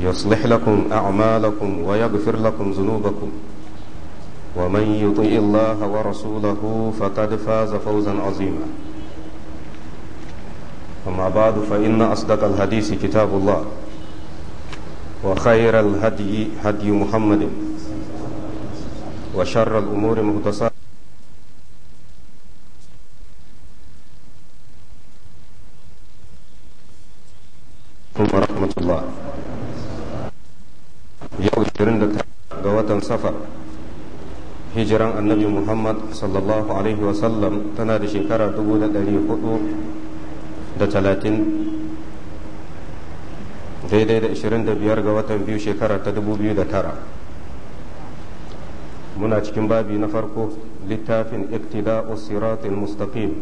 يصلح لكم أعمالكم ويغفر لكم ذنوبكم ومن يطيع الله ورسوله فقد فاز فوزا عظيما أما بعد فإن أصدق الحديث كتاب الله وخير الهدي هدي محمد وشر الأمور مهدسات hijiran annabi muhammad sallallahu alaihi wasallam tana da shekara 430 daidai da 25 ga watan biyu shekara ta 2009 muna cikin babi na farko littafin iktida'u siratul mustaqim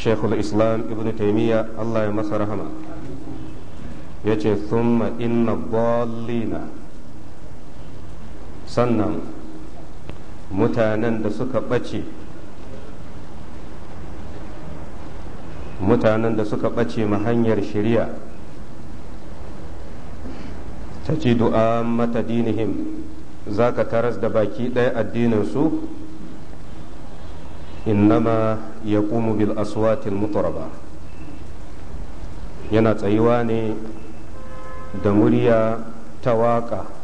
shekul islam ibn taimiyya allah ya masa rahama ya ce thumma inna ballina sannan mutanen da suka ɓace mutanen da suka ɓace ma hanyar shari'a ta ci du'a mata dinihim za ka taras da baki ɗaya addininsu innama ya bil aswatil mutaraba yana tsayuwa ne da murya ta waƙa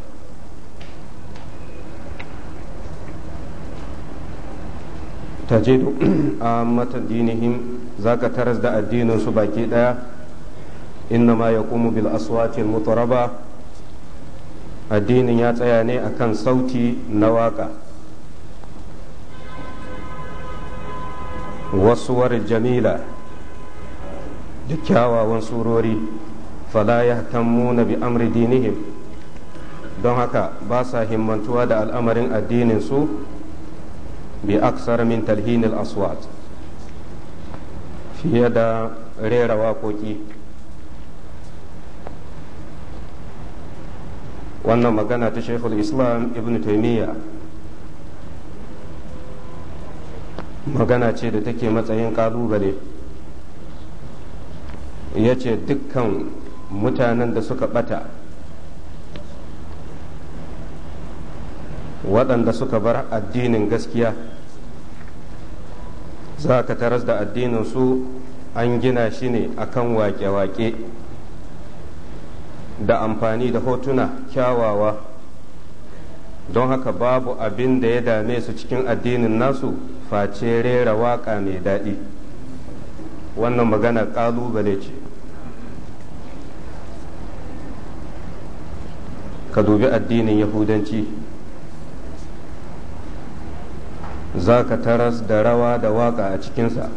tajidu ammata za zaka taras da addinin su baki daya innama yaqumu bil aswati mutaraba addinin ya tsaya ne akan sauti na waka wasuwar jamila da kyawawan surori fala na bi amri dinihim don haka ba sa himmantuwa da al'amarin addinin su بأكثر من تلهين الأصوات Fiye da rera waƙoƙi. wannan magana ta shekul islam ibn taimiyya magana ce da take matsayin kalubale ya ce dukkan mutanen da suka bata waɗanda suka bar addinin gaskiya za ka taras da addininsu an gina shi ne akan waƙe-waƙe. da amfani da hotuna kyawawa don haka babu abin da ya dame su cikin addinin nasu face rera waƙa mai daɗi wannan magana ƙalubale ce ka dubi addinin yahudanci za ka taras da rawa da waƙa a cikinsa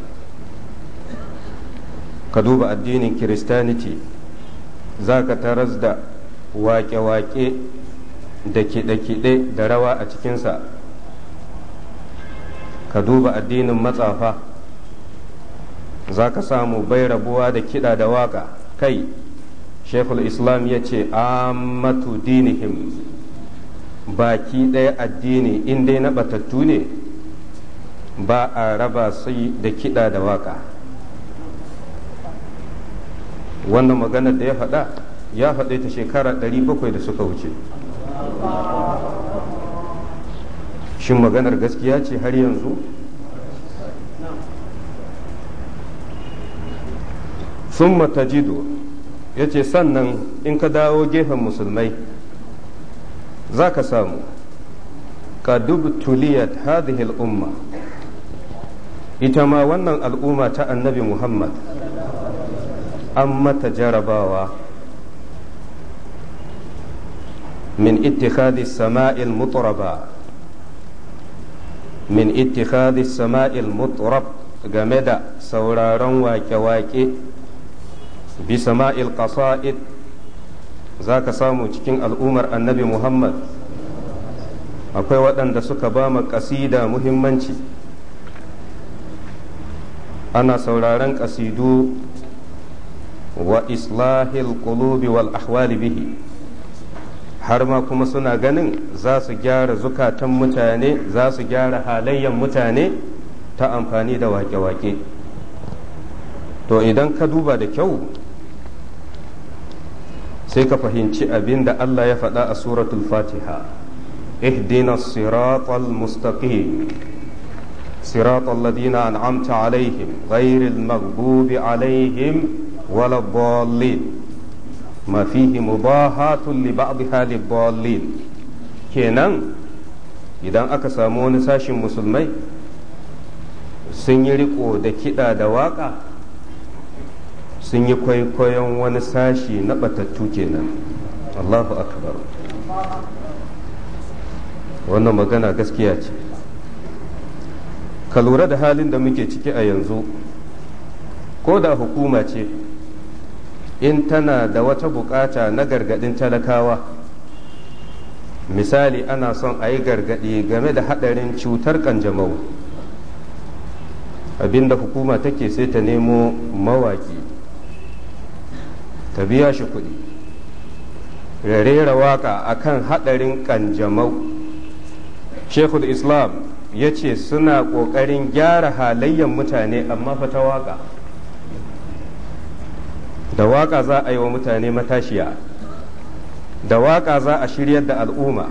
ka duba addinin kiristaniti za ka taras da waƙe-waƙe da kiɗe-kiɗe da rawa a cikinsa ka duba addinin matsafa za ka samu bai rabuwa da kiɗa da waƙa kai shekul islam ya ce amatu dinihim baki ɗaya addini in dai na batattu ne ba a raba sai da kiɗa da waƙa. wannan magana da ya faɗa ya faɗe ta shekara 700 da suka wuce shin maganar gaskiya ce har yanzu sun matajido ya ce sannan in ka dawo gefen musulmai za ka samu ka dubtuliyat hadhihi al-umma ita ma wannan al'umma ta annabi muhammad an mata jarabawa min ittikhadi sama'il mutraba min sama'il mutrab game da sauraron wake-wake bi sama'il qasa'id za ka samu cikin al'ummar annabi muhammad akwai waɗanda suka ba mu ƙasida muhimmanci ana sauraron kasidu wa islahil qulubi wal ahwali bihi har ma kuma suna ganin za su gyara zukatan mutane za su gyara halayyan mutane ta amfani da wake-wake to idan ka duba da kyau sai ka fahimci abin da Allah ya faɗa a suratul fatiha ihdina siratal mustaqim صراط الذين أنعمت عليهم غير المغضوب عليهم ولا الضالين ما فيه مباهاة لبعضها للضالين kenan idan aka samu wani sashin musulmai sun yi riko da kiɗa da waƙa sun yi kwaikwayon wani sashi na batattu kenan allahu akbar wannan magana gaskiya ce ka lura da halin da muke ciki a yanzu ko da hukuma ce in tana da wata bukata na gargadin talakawa misali ana son a yi gargadi game da hadarin cutar kanjamau abinda hukuma take sai ta nemo mawaki ta biya shi kuɗi rera waka akan hadarin kanjamau shekul islam ya ce suna ƙoƙarin gyara halayyar mutane amma fa ta waƙa da waƙa za a yi wa mutane matashiya da waƙa za a shiryar da al'umma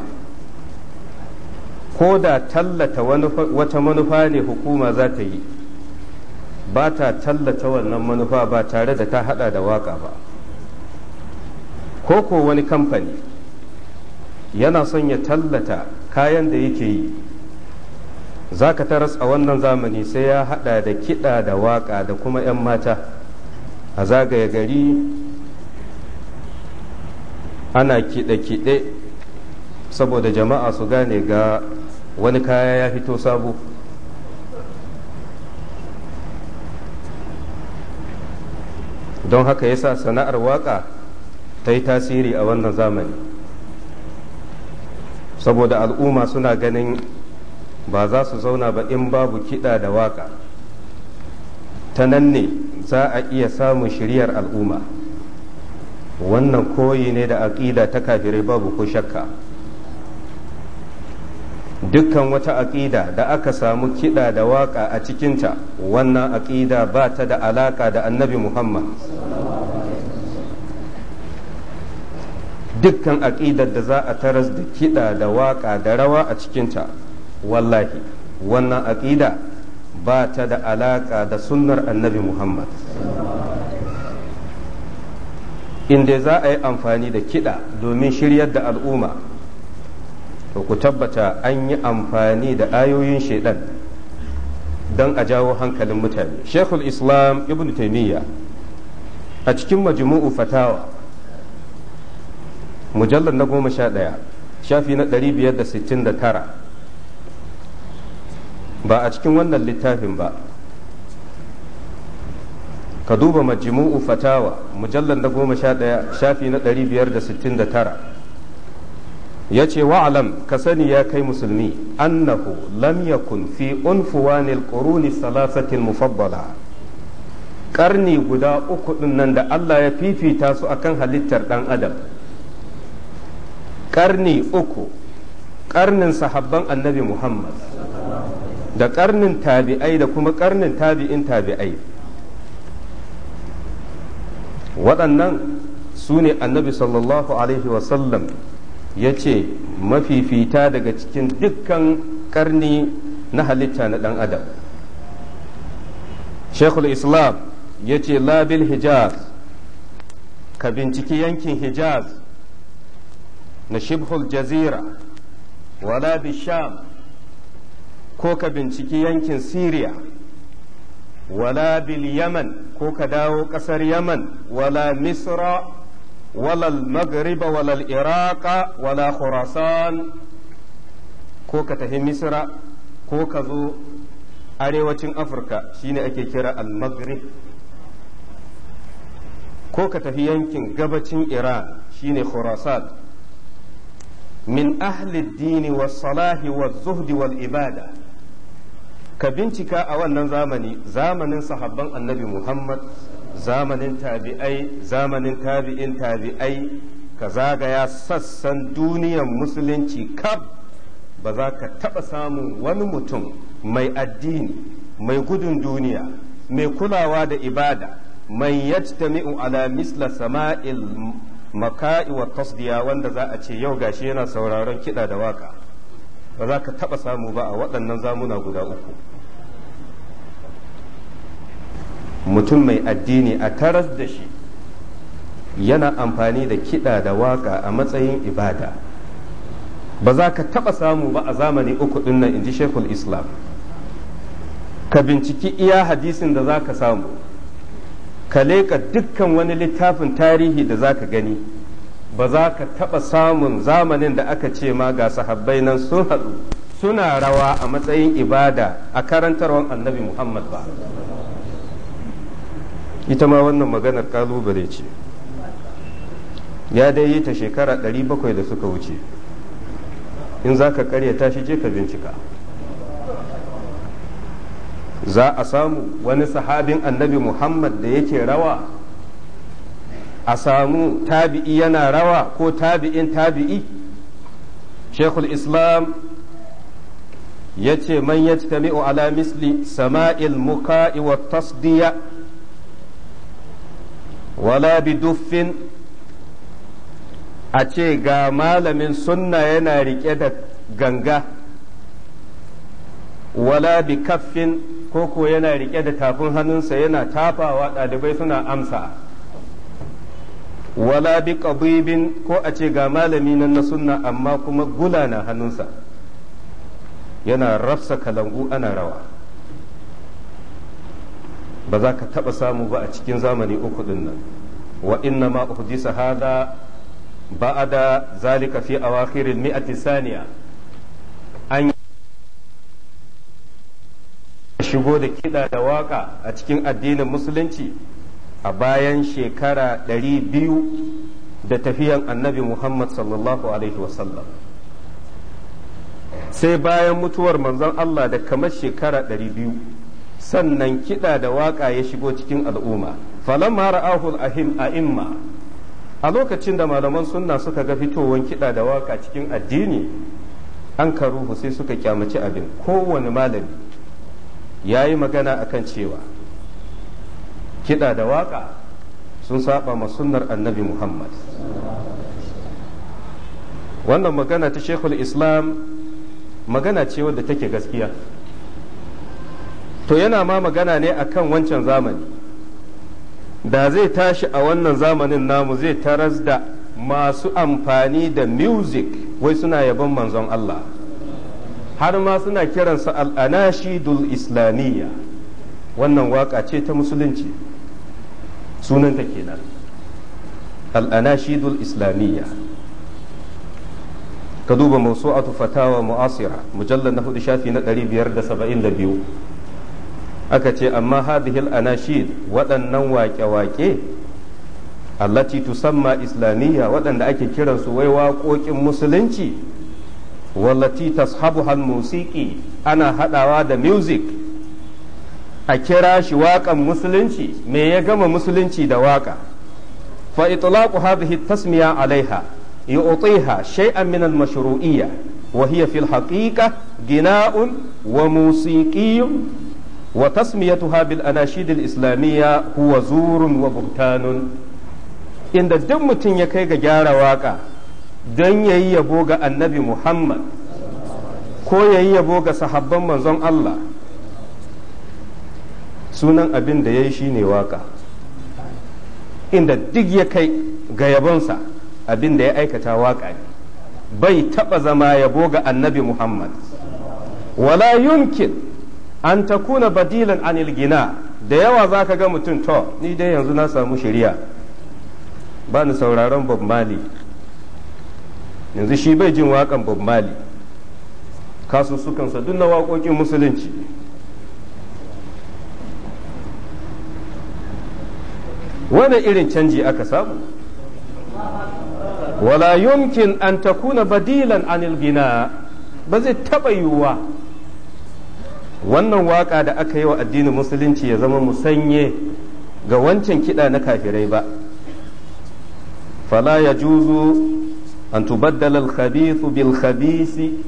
ko da tallata wata manufa ne hukuma za ta yi ba ta tallata wannan manufa ba tare da ta hada da waƙa ba ko ko wani kamfani yana son ya tallata kayan da yake yi za ka taras a wannan zamani sai ya haɗa da kiɗa da waƙa da kuma 'yan mata a zagaya gari ana kiɗe-kiɗe saboda jama'a su gane ga wani kaya ya fito sabo don haka yasa sana'ar waƙa ta yi tasiri a wannan zamani saboda al'umma suna ganin ba za su zauna ba in babu kiɗa da waƙa ta nan ne za a iya samun shiriyar al'umma wannan koyi ne da aƙida ta kafirai babu ko shakka dukkan wata aƙida da aka samu kiɗa da waƙa a cikinta wannan aƙida ba ta da alaƙa da annabi muhammad dukkan aƙidar da za a taras da kiɗa da waƙa da rawa a cikinta wallahi wannan aƙida ba ta da alaƙa da sunnar annabi muhammad inda za a yi amfani da kiɗa domin shiryar da al'umma to ku tabbata an yi amfani da ayoyin shaidan don a jawo hankalin mutane shekul islam ibn taimiyya a cikin majmu'u fatawa mujallar na goma sha ɗaya shafi na 569 ba a cikin wannan littafin ba ka duba majmu'u fatawa mujallar na goma sha ɗaya shafi na ɗari biyar da sittin da tara ya ce wa'alam ka sani ya kai musulmi annahu lam yakun fi unfuwanil quruni salasatil mufabbala karni guda uku ɗin nan da Allah ya fifita su akan halittar ɗan adam karni uku ƙarnin sahabban annabi Muhammad da karnin tabi'ai da kuma karnin tabi'in tabi'ai waɗannan su ne annabi sallallahu alaihi wasallam ya ce mafifita daga cikin dukkan karni na halitta na ɗan adam shekul islam ya ce labil hijaz ka binciki yankin hijaz na shibhul jazira wala bisham ko ka binciki yankin Siriya wala bil Yaman ko ka dawo ƙasar Yaman wala Misra wala Magriba wala Iraqa wala Khurasan ko ka tafi Misra ko ka zo arewacin Afirka shine ake kira al-Maghrib ko ka tafi yankin gabacin Iran shine Khurasan min ahli dini was salahi was zuhdi wal ibada ka bincika a wannan zamani zamanin sahabban annabi muhammad zamanin tabi'ai zamanin tabi'in tabi'ai ka zagaya sassan duniyar musulunci kab ba za ka taɓa samun wani mutum mai addini mai gudun duniya mai kulawa da ibada mai yajtami'u ala misla sama'il maka'i wa tasdiya wanda za a ce yau gashi yana sauraron kiɗa da waka ba za ka taɓa samu ba a waɗannan zamuna guda uku mutum mai addini a taras da shi yana amfani da kiɗa da waƙa a matsayin ibada ba za ka taɓa samu ba a zamani uku ɗin nan inji shekul islam ka binciki iya hadisin da za ka samu ka leƙa dukkan wani littafin tarihi da za ka gani ba za ka taɓa samun zamanin da aka ce ma ga sahabbai nan sun haɗu suna rawa a matsayin ibada a karantarwar annabi Muhammad ba ita ma wannan maganar kalubale ce ya dai yi ta shekara 700 da suka wuce in za ka karyata shi je ka bincika za a samu wani sahabin annabi Muhammad da yake rawa a samu tabi'i yana rawa ko tabi'in tabi'i shekul islam ya ce man ya ala misli sama'il muka'i wa tasdiya wala bi duffin a ce ga malamin sunna yana rike da ganga wala bi kaffin koko yana rike da tafin hannunsa yana tafawa ɗalibai suna amsa wala bi qadibin ko a ce ga malami nan na sunna amma kuma gula na hannunsa yana rafsa kalangu ana rawa ba za ka taɓa samu ba a cikin zamani uku ɗin nan wa inna ma uhdisa hada ba'ada zalika fi awakhir al-mi'ati saniya an shigo da kiɗa da waka a cikin addinin musulunci a bayan shekara ɗari biyu da tafiyan annabi Muhammad sallallahu Alaihi wasallam sai bayan mutuwar manzon Allah da kamar shekara ɗari biyu sannan kiɗa da waƙa ya shigo cikin al'umma mara ahul ahim a imma a lokacin da malaman sunna suka ga fitowar kiɗa da waƙa cikin addini an karuhu sai suka kyamaci abin kowane malami ya yi magana akan cewa kiɗa da waƙa sun saba ma sunnar annabi muhammad wannan magana ta shekul islam magana ce wadda take gaskiya to yana ma magana ne akan wancan zamani da zai tashi a wannan zamanin namu zai taras da masu amfani da music wai suna yabon manzon Allah har ma suna kiransa al'anashidul islamiyya wannan waka ce ta musulunci sunanta kenan al'anashidul islamiyya ka duba mawsu'atu fatawa mu'asira mujallar na hudu shafi na 572 aka ce amma hadihil anashid waɗannan waƙe-waƙe allati tusamma islamiyya waɗanda ake kiransu wai waƙoƙin musulunci wallati tashabu musiki ana haɗawa da music a kira shi waƙan musulunci me ya gama musulunci da waƙa fa itlaqu hadhihi tasmiya alaiha yu'tiha shay'an min al-mashru'iyya wa hiya fil haqiqa gina'un wa musiqiyyun wa tasmiyatuha bil anashid al-islamiyya huwa zurun wa buhtanun inda duk mutum ya kai ga gyara waƙa don yayi yabo ga annabi Muhammad ko yayi yabo ga sahabban manzon Allah sunan abin da ya yi shine waka inda duk ya kai ga yabonsa abin da ya aikata waka ne bai taɓa zama yabo ga annabi muhammad wala yunkin an ta kuna badilan anil gina da yawa za ka ga mutum to ni dai yanzu na samu shirya ba ni sauraron bob mali yanzu shi bai jin waƙan bob mali kasussukansa duk na waƙoƙin musulunci wani irin canji aka samu wala yumkin an takuna badilan anil gina ba zai taɓa yiwuwa wannan waka da aka yi wa addinin musulunci ya zama musanye ga wancan kiɗa na kafirai ba fala ya juzu an tubaddala alkhabithu bil khabisi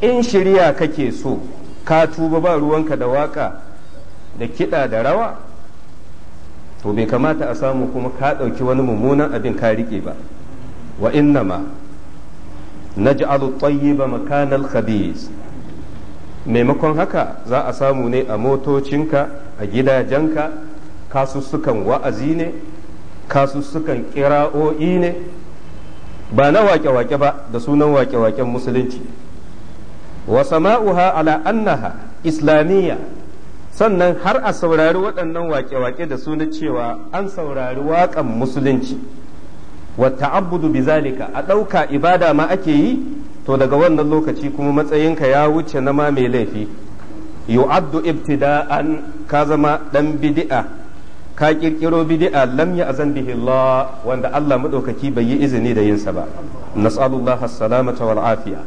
in shirya kake so ka tuba ba ruwanka da waka da kiɗa da rawa to bai kamata a samu kuma ka ɗauki wani mummunan abin ka riƙe ba wa innama naj'alu tayyiba makanal khabis maimakon haka za a samu ne a motocinka a gidajenka kasussukan wa'azi ne kasussukan kira'o'i ne ba na wake-wake ba da sunan wake-waken musulunci wa sama'uha ala annaha islamiyya sannan har a saurari waɗannan waƙe-waƙe da suna cewa an saurari waƙan musulunci wa abudu bizalika a ɗauka ibada ma ake yi to daga wannan lokaci kuma matsayinka ya wuce na ma mai laifi yu'addu ibtida'an ka zama ɗan bidi'a ka ƙirƙiro bidi'a lam azan bihi Allah wanda Allah maɗaukaki bai yi izini da yinsa ba nas'alullaha as-salamata wal afiya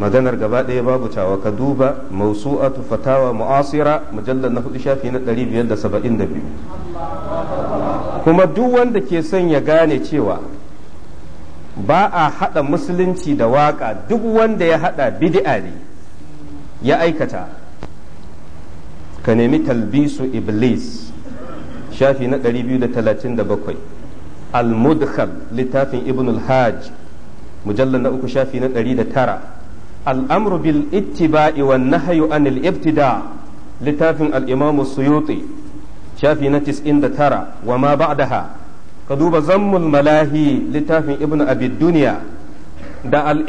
maganar gaba ɗaya babu tawa ka duba mausu'atu fatawa mu'asira mujallar na hudu shafi na 572 kuma duk wanda ke son ya gane cewa ba a haɗa musulunci da waƙa duk wanda ya haɗa bid'a ne ya aikata ka nemi talbisu iblis shafi na 237 al-mudkhal littafin ibn al-hajj mujallar na uku shafi na 109 al'amru bil ittiba'i wa nahyu anil ibtida littafin al-imam suyuti shafi na tara wa ma ba'daha ka duba zammul malahi littafin ibnu abid duniya da al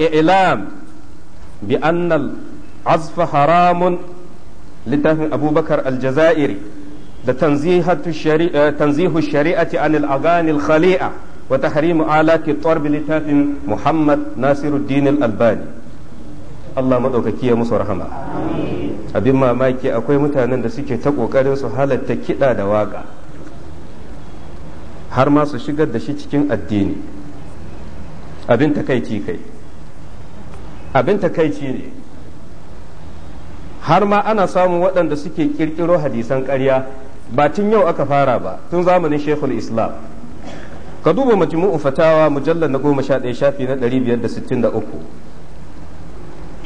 bi annal azfa haramun littafin abubakar aljazairi da tanzihu shari'ati anil aganil khali'a wa tahrimu alati tarbi littafin muhammad nasiruddin al-albani Allah maɗaukaki ya musu rahama abin mamaki akwai mutanen da suke ta kokarin su halatta kiɗa da waka har ma su shigar da shi cikin addini abin takaici kai abin takaici ne har ma ana samun waɗanda suke ƙirƙiro hadisan ƙarya ba tun yau aka fara ba tun zamanin shekul islam ka duba majmu'u fatawa mujallar na goma sha ɗaya shafi na ɗari biyar da sittin da uku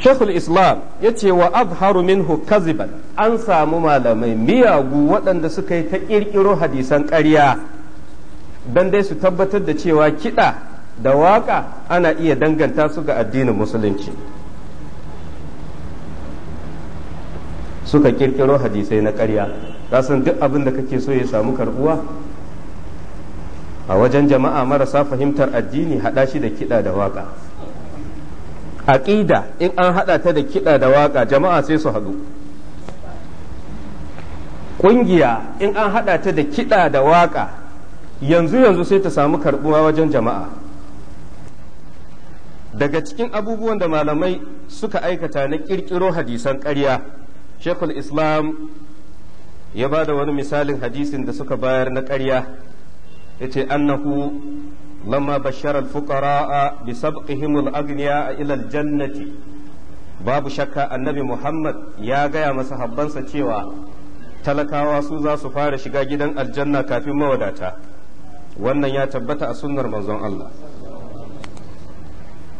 shekul islam ya ce wa azharu minhu kaziban an samu malamai miyagu waɗanda suka yi ta ƙirƙiro hadisan ƙarya don dai su tabbatar da cewa kiɗa da waƙa ana iya danganta su ga addinin musulunci suka ƙirƙiro hadisai na ƙarya kasan duk abin da kake so ya samu karɓuwa a wajen jama'a marasa fahimtar addini haɗa shi da kiɗa da waƙa aqida in an hada ta da kiɗa da waka jama'a sai su haɗu ƙungiya in an hada ta da kiɗa da waka yanzu yanzu sai ta samu karbuwa wajen jama'a daga cikin abubuwan da malamai suka aikata na ƙirƙiro hadisan ƙarya shekul islam ya ba da wani misalin hadisin da suka bayar na ƙarya ya ce annahu Lama basharar لما بشر الفقراء agniya a إلى jannati babu shakka annabi Muhammad ya gaya masa habbansa cewa talakawa su zasu fara shiga gidan aljanna kafin mawadata wannan ya tabbata a sunnar manzon Allah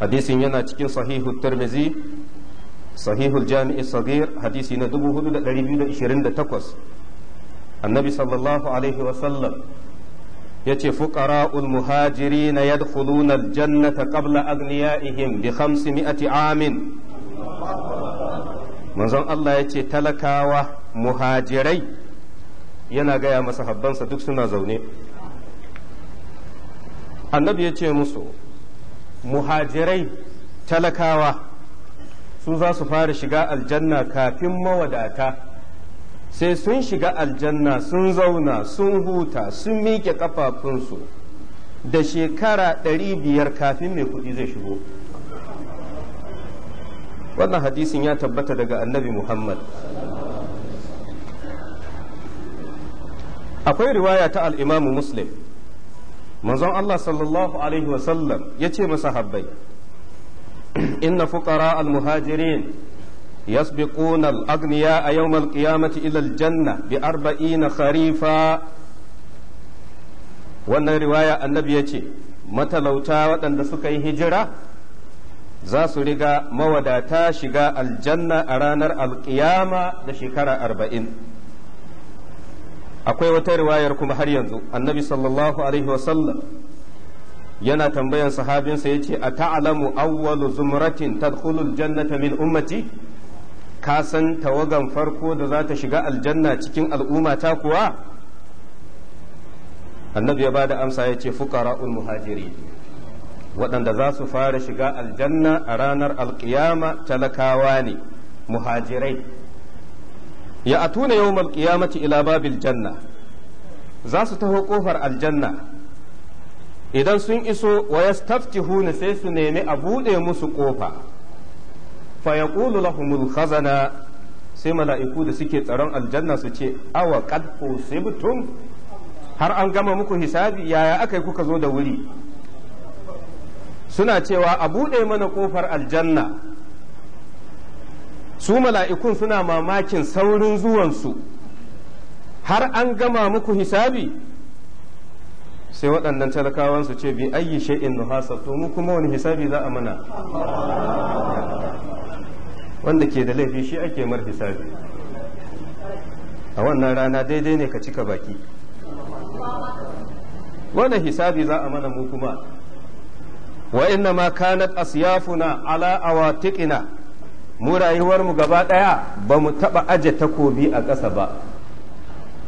hadisin yana cikin sahihu tirmizi sahihul jami'i sagir hadisi na 4228 annabi sallallahu alaihi wasallam yace fuqara'ul muhajirin yadkhuluna aljannata qabla aghniyaihim bi 500 amin manzon Allah yace talakawa muhajirai yana gaya masahabbansa duk suna zaune annabi ya ce musu muhajirai talakawa su zasu fara shiga aljanna kafin mawadata sai sun shiga aljanna sun zauna sun huta sun miƙe ƙafafunsu da shekara ɗari biyar kafin mai kuɗi zai shigo wannan hadisin ya tabbata daga annabi muhammad akwai riwaya ta al'imamu muslim manzon allah sallallahu alaihi wasallam ya ce Habbai. inna fuqara al-muhajirin يسبقون الأغنياء يوم القيامة إلى الجنة بأربعين خريفا wannan riwaya annabi ya ce matalauta waɗanda suka yi hijira za su riga mawadata shiga aljanna a ranar alƙiyama da shekara arba'in akwai wata riwayar kuma har yanzu annabi sallallahu alaihi wasallam yana tambayar sahabinsa ya ce a ta'alamu awwalu zumratin tadkhulul jannata min ummati ka san tawagan farko da za ta shiga aljanna cikin al'umma ta kuwa annabi ya bada amsa ya ce fuqara'ul muhajiri waɗanda za su fara shiga aljanna a ranar alƙiyama talakawa ne muhajirai ya atuna yawmal qiyamati ila babil janna za su taho ƙofar aljanna idan sun iso wa yastaftihuna sai su nemi a buɗe musu ƙofa. fa yaqulu lahumul khazana sai mala'iku da suke tsaron aljanna su ce awa qad mutum har an gama muku hisabi yaya aka yi kuka zo da wuri suna cewa a buɗe mana ƙofar aljanna su mala'ikun suna mamakin saurin zuwansu har an gama muku hisabi sai waɗannan talakawansu ce bi ayyi shay'in nuhasa to mu kuma wani hisabi za a mana wanda ke da laifi shi ake mar hisabi a wannan rana daidai ne ka cika baki wannan hisabi za a mana mu kuma wa inna ma kanat asyafuna ala awatiqina mu rayuwar mu gaba daya ba mu taba aje takobi a ƙasa ba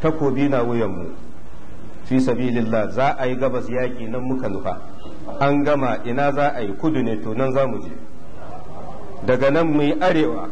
takobi na wuyan mu fi sabilillah za a yi gabas yaƙi nan muka nufa an gama ina za a yi kudu ne to nan za mu je daga nan mu yi arewa